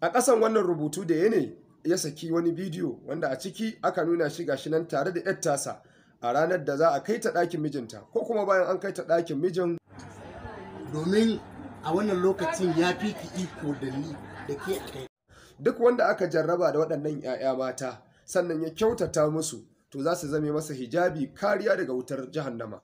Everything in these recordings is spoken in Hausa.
a ƙasan wannan rubutu da yanayi ya saki wani bidiyo wanda a ciki aka nuna shi gashi nan tare da 'yar tasa a ranar da za a kai ta ɗakin mijinta ko kuma bayan an kai ta ɗakin mijin domin a wannan lokacin ya fi ki iko da ni da ke a kai duk wanda aka jarraba da waɗannan 'ya'ya mata sannan ya kyautata musu to za su zame masa hijabi kariya daga wutar jahannama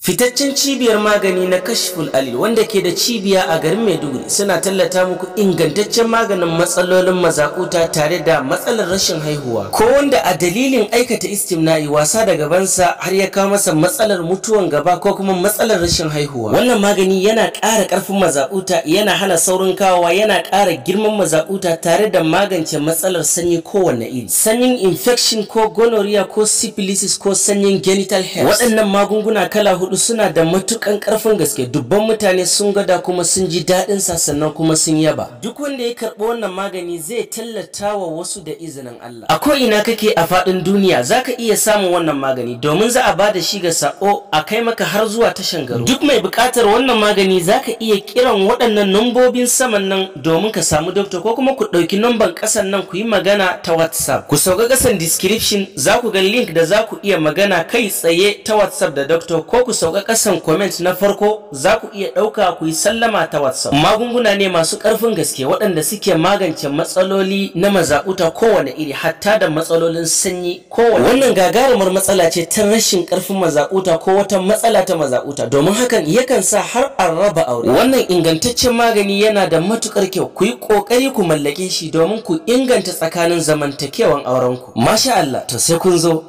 Fitaccen cibiyar magani na Kashful Alil wanda ke da cibiya a garin Maiduguri suna tallata muku ingantaccen maganin matsalolin mazakuta tare da matsalar rashin haihuwa ko wanda a dalilin aikata istimna'i wasa da gabansa har ya kawo masa matsalar mutuwan gaba ko kuma matsalar rashin haihuwa wannan magani yana ƙara ƙarfin mazakuta yana hana saurin kawowa yana ƙara girman mazakuta tare da magance matsalar sanyi kowanne iri sanyin infection ko gonorrhea ko syphilis ko sanyin genital herpes waɗannan magunguna kala hudu suna da matukan karfin gaske dubban mutane sun gada kuma sun ji daɗin sa sannan kuma sun yaba duk wanda ya karɓi wannan magani zai tallata wa wasu da izinin Allah a ina kake a faɗin duniya zaka iya samun wannan magani domin za a ba da shi ga sako a kai maka har zuwa tashan garo duk mai buƙatar wannan magani zaka iya kiran waɗannan nambobin saman nan domin ka samu dokta ko kuma ku ɗauki namban ƙasan nan ku yi magana ta whatsapp ku sauka ƙasan description za ku ga link da za ku iya magana kai tsaye ta whatsapp da dokta ko ku sauka ƙasan comment na farko za ku iya ɗauka ku yi sallama ta WhatsApp. Magunguna ne masu karfin gaske waɗanda suke magance matsaloli na mazaƙuta kowane iri hatta da matsalolin sanyi kowane. Wannan gagarumar matsala ce ta rashin karfin mazaƙuta ko wata matsala ta mazaƙuta domin hakan yakan sa har an raba aure. Wannan ingantaccen magani yana da matukar kyau ku yi ƙoƙari ku mallake shi domin ku inganta tsakanin zamantakewan aurenku. Masha Allah to sai kun zo.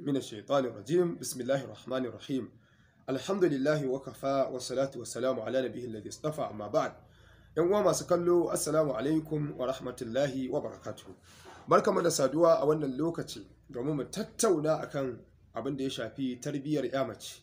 من الشيطان الرجيم بسم الله الرحمن الرحيم alhamdulillahi wa kafa wa salatu wa salamu ala nabihi alladhi istafa amma ba'd yan uwa masu kallo assalamu alaikum wa rahmatullahi wa barakatuh barkamu da saduwa a wannan lokaci domin mu tattauna akan abin da ya shafi tarbiyyar ya mace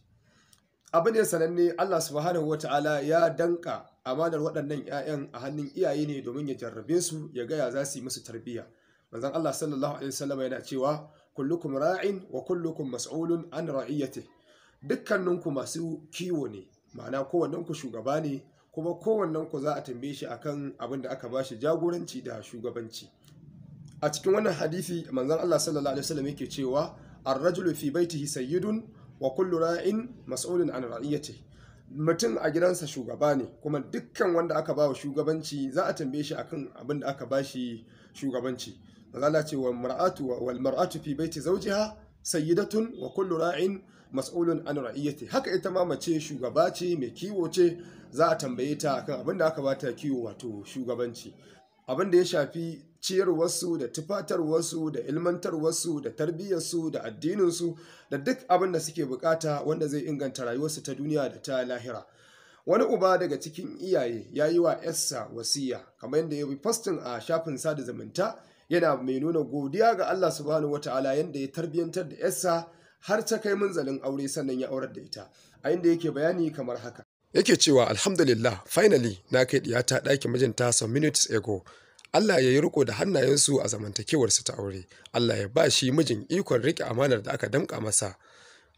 abin da sananne Allah subhanahu wataala ya danka amanar waɗannan 'ya'yan a hannun iyaye ne domin ya jarrabe su ya gaya za su yi musu tarbiyya manzon Allah sallallahu alaihi wasallam yana cewa kullukum ra'in wa kullukum mas'ulun an ra'iyatihi dukkaninku masu kiwo ne ma'ana kowannenku shugaba ne kuma kowannenku za a tambaye shi akan abin da aka bashi jagoranci da shugabanci a cikin wannan hadisi manzon Allah sallallahu alaihi wasallam yake cewa ar-rajulu fi baitihi sayyidun wa kullu ra'in mas'ulun an ra'iyatihi mutum a gidansa shugaba ne kuma dukkan wanda aka bawa shugabanci za a tambaye shi akan abin da aka bashi shugabanci manzon Allah ce wa mar'atu wal mar'atu fi baiti zawjiha sayyidatun wa kullu ra'in mas'ulun an ra'iyyati haka ita ma mace shugaba ce mai kiwo ce za a tambaye ta akan abin da aka bata kiwo wato shugabanci abin da ya shafi ciyarwarsu da tufatarwarsu da ilmantarwarsu da tarbiyyarsu da addininsu da duk abin da suke bukata wanda zai inganta rayuwarsu ta duniya da ta lahira wani uba daga cikin iyaye ya yi wa yarsa wasiya kamar yadda ya bi fastin a shafin sada zumunta yana mai nuna godiya ga Allah subhanahu wata'ala yadda ya tarbiyyantar da yarsa har ta kai munzalin aure sannan ya aurar da ita a inda yake bayani kamar haka yake cewa alhamdulillah finally na kai diyata ɗakin mijinta some minutes ago Allah ya yi riko da hannayensu a zamantakewarsu ta aure Allah ya ba shi mijin ikon riƙe amanar da aka damƙa masa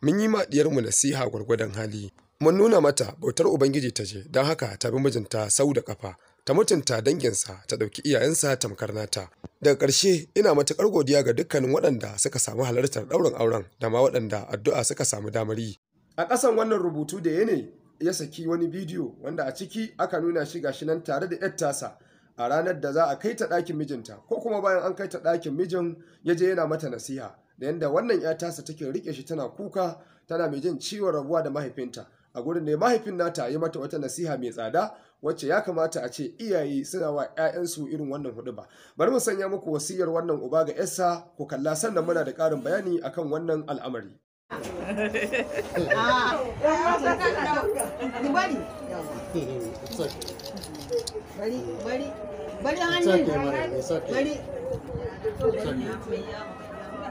mun yi ma diyarmu nasiha gwargwadon hali mun nuna mata bautar ubangiji ta je don haka ta bi mijinta sau da kafa ta mutunta danginsa ta ɗauki iyayensa tamkar nata daga ƙarshe ina matuƙar godiya ga dukkanin waɗanda suka samu halartar ɗaurin auren da ma waɗanda addu'a suka samu damar yi a ƙasan wannan rubutu da ne ya saki wani bidiyo wanda a ciki aka nuna shi gashi nan tare da yar tasa a ranar da za a kai ta ɗakin mijinta ko kuma bayan an kai ta ɗakin mijin ya je yana mata nasiha da yadda wannan yar tasa take riƙe shi tana kuka tana mai jin ciwon rabuwa da mahaifinta a gurin ne mahaifin nata ya mata wata nasiha mai tsada wacce ya kamata a ce iyaye suna wa 'ya'yansu irin wannan hudu ba bari mu sanya muku wasiyar wannan uba ga yarsa ku kalla sannan muna da ƙarin bayani akan wannan al'amari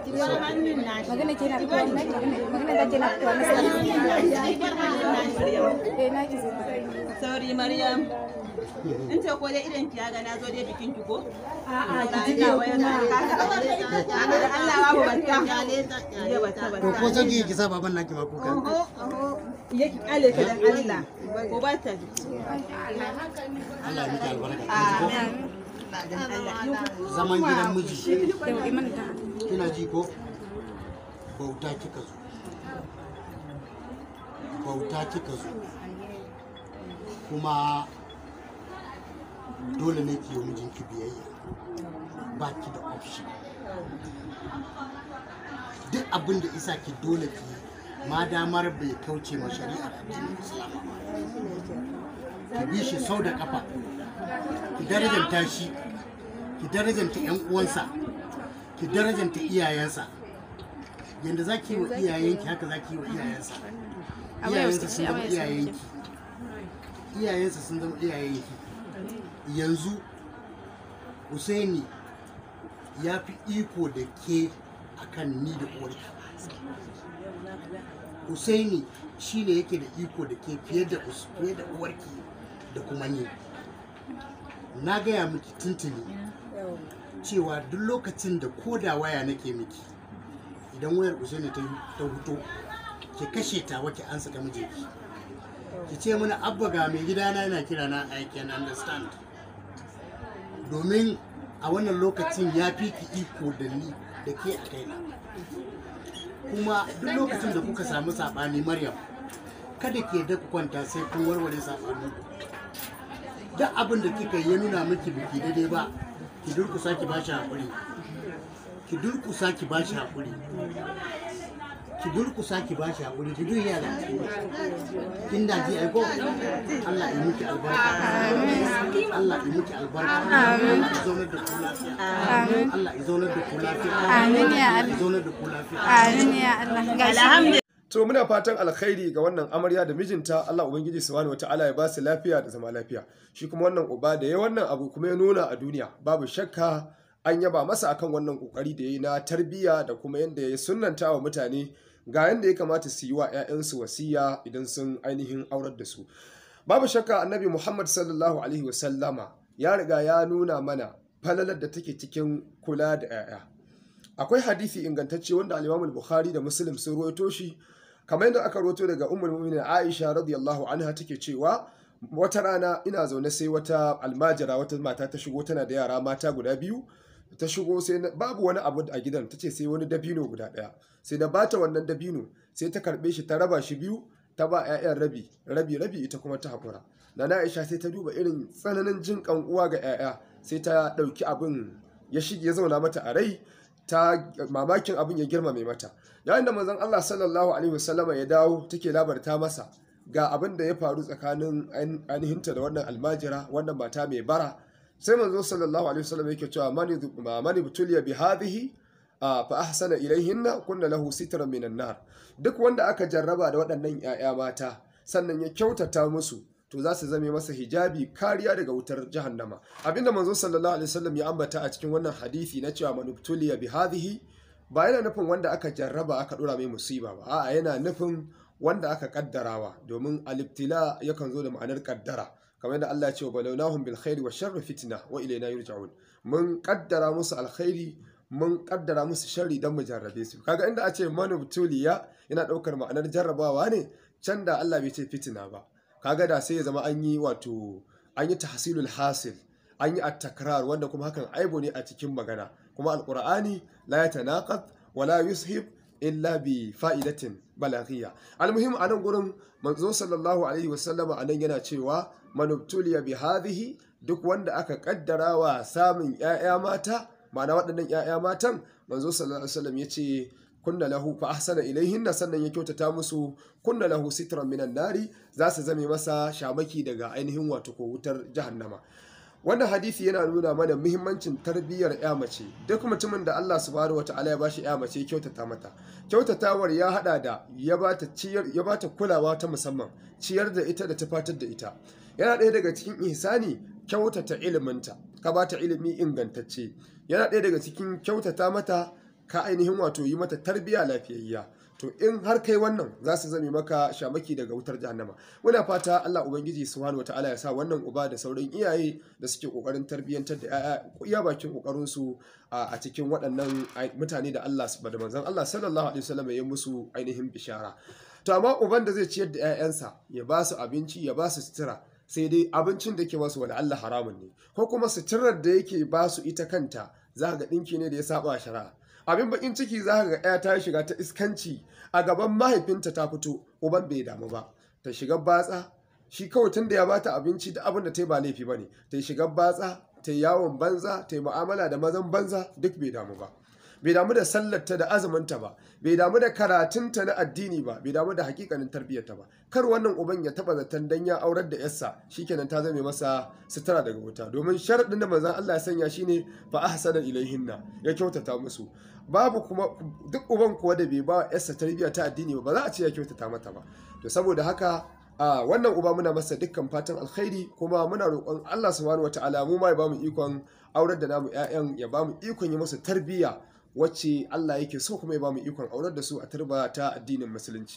magana ke na eh, sauri maryam in ce ko dai idan ki ga na zo dai bikin ki ko a'a ki ji na waya Allah babu barka ya bata bata ko so ki sa baban naki ma kuka ya ki kale ka dan Allah ko ba ta Allah ya albarka amin zaman gidan miji kina ji ko bauta kika zo bauta kika zo kuma dole ne ki yi ki biyayya ba ki da option duk abin da isa ki dole ki ma damar bai kauce ma shari'ar addinin islam ki bi shi sau da kafa ki darajanta shi ki darajanta yan uwansa ki darajanta iyayensa Yadda za ki yi wa iyayenki haka za ki yi wa iyayensa iyayensa sun zama iyayenki iyayensa sun zama iyayenki yanzu Usaini ya fi iko da ke akan ni da uwarki Usaini shine yake da iko da ke fiye da uwarki da kuma ni na gaya miki tuntuni cewa duk lokacin da ko waya nake miki idan wayar usaini ta huto ki kashe ta waki an saka mijinki ki ce mana abba ga mai gidana yana kira na i can understand domin a wannan lokacin ya fi ki iko da ni da ke a kaina kuma duk lokacin da kuka samu saɓani maryam kada ki yarda ku kwanta sai kun warware saɓani duk abin da kika yi nuna miki biki daidai ba ki durkusa ki bashi hakuri ki durkusa ki bashi hakuri ki durkusa ki bashi hakuri ki duk yara kin da ji aiko Allah ya miki albarka amin Allah ya miki albarka amin Allah ya zaunar da kula amin Allah ya zaunar da kula amin ya Allah ya zaunar da ku amin ya Allah alhamdulillah to muna fatan alkhairi ga wannan amarya da mijinta Allah ubangiji subhanahu wataala ya ba su lafiya da zama lafiya shi kuma wannan uba da ya wannan abu kuma ya nuna a duniya babu shakka an yaba masa akan wannan kokari da ya yi na tarbiyya da kuma yadda ya sunnanta wa mutane ga yadda ya kamata su yi wa 'ya'yansu wasiya idan sun ainihin aurar da su babu shakka annabi muhammad sallallahu alaihi wasallama ya riga ya nuna mana falalar da take cikin kula da 'ya'ya akwai hadisi ingantacce wanda al bukhari da muslim sun ruwaito shi kamar yadda aka roto daga Umar mummina Aisha radiyallahu anha take cewa wata rana ina zaune sai wata almajira wata mata ta shigo tana da yara mata guda biyu ta shigo sai babu wani abu a gidan ta ce sai wani dabino guda ɗaya sai na bata wannan dabino sai ta karbe shi ta raba shi biyu ta ba 'ya'yan rabi rabi rabi ita kuma ta haƙura na aisha sai ta duba irin tsananin jin kan uwa ga 'ya'ya sai ta ɗauki abin ya shige ya zauna mata a rai ta mamakin abin ya mai mata yayin da manzon Allah sallallahu alaihi wasallama ya dawo take labarta masa ga abin da ya faru tsakanin ainihinta da wannan almajira wannan mata mai bara sai manzo sallallahu alaihi wasallama yake cewa mani mani butuliya bi hadhihi fa ahsana hinna kunna lahu sitran minan nar duk wanda aka jarraba da waɗannan 'ya'ya mata sannan ya kyautata musu to za su zame masa hijabi kariya daga wutar jahannama abinda manzo sallallahu alaihi wasallam ya ambata a cikin wannan hadisi na cewa manubtuliya bi hadhihi ba yana nufin wanda aka jarraba aka dora mai musiba ba a'a yana nufin wanda aka kaddarawa domin aliftila yakan zo da ma'anar kaddara kamar yadda Allah ya ce wa balawnahum bil khairi wa sharri fitna wa ilayna yurja'un mun kaddara musu alkhairi mun kaddara musu sharri dan mu jarrabe su kaga inda a ce manubtuliya yana daukar ma'anar jarrabawa ne can da Allah bai ce fitina ba kaga da sai ya zama an yi wato an yi tahsilul hasil an yi at-takrar wanda kuma hakan aibo ne a cikin magana kuma alqur'ani la yatanaqad wa la yushib illa bi fa'idatin balaghiyya almuhim a nan gurin manzo sallallahu alaihi wasallama a nan yana cewa manubtuliya bi hadhihi duk wanda aka ƙaddara wa samun 'ya'ya mata ma'ana waɗannan 'ya'ya matan manzo sallallahu alaihi wasallam ya kunna lahu fa ahsana na sannan ya kyautata musu kunna lahu sitran minan nari za su zame masa shamaki daga ainihin wato ko wutar jahannama wannan hadisi yana nuna mana muhimmancin tarbiyyar ya mace duk mutumin da Allah subhanahu wataala ya bashi ya mace kyautata mata kyautatawar ya hada da ya bata ciyar ya bata kulawa ta musamman ciyar da ita da tufatar da ita yana ɗaya daga cikin ihsani kyautata iliminta ka bata ilimi ingantacce yana ɗaya daga cikin kyautata mata ka ainihin wato yi mata tarbiyya lafiyayya to in har kai wannan za su zame maka shamaki daga wutar jahannama muna fata Allah ubangiji subhanahu wataala ya sa wannan uba da sauran iyaye da suke kokarin tarbiyyantar da ya iya bakin kokarin su a cikin waɗannan mutane da Allah su. bada manzon Allah sallallahu alaihi wasallam ya musu ainihin bishara to amma uban da zai ciyar da 'ya'yansa ya ba su abinci ya ba su sutura sai dai abincin da ke su wani Allah haramun ne ko kuma suturar da yake ba su ita kanta za ga ɗinki ne da ya saba shari'a abin bakin ciki za ka ga 'ya ta shiga ta iskanci a gaban mahaifinta ta fito uban bai damu ba ta shiga batsa shi kawai tun da ya bata abinci da abin da ta yi ba laifi ba ne ta shiga batsa ta yi yawon banza ta yi mu'amala da mazan banza duk bai damu ba bai damu da sallarta da azuminta ba bai damu da karatunta na addini ba bai damu da hakikanin tarbiyyarta ba kar wannan uban ya taba zaton dan ya aurar da yarsa shikenan ta zame masa sutura daga wuta domin sharadin da manzon Allah ya sanya shine fa ahsana ilaihinna ya kyautata musu babu kuma duk uban kuwa da bai ba yarsa tarbiyya ta addini ba ba za a ce ya kyautata mata ba to saboda haka a wannan uba muna masa dukkan fatan alkhairi kuma muna roƙon Allah subhanahu wataala mu ma ya bamu ikon aurar da namu 'ya'yan ya bamu ikon yi musu tarbiyya wacce Allah yake so kuma ya bamu ikon aurar da su a tarbata addinin musulunci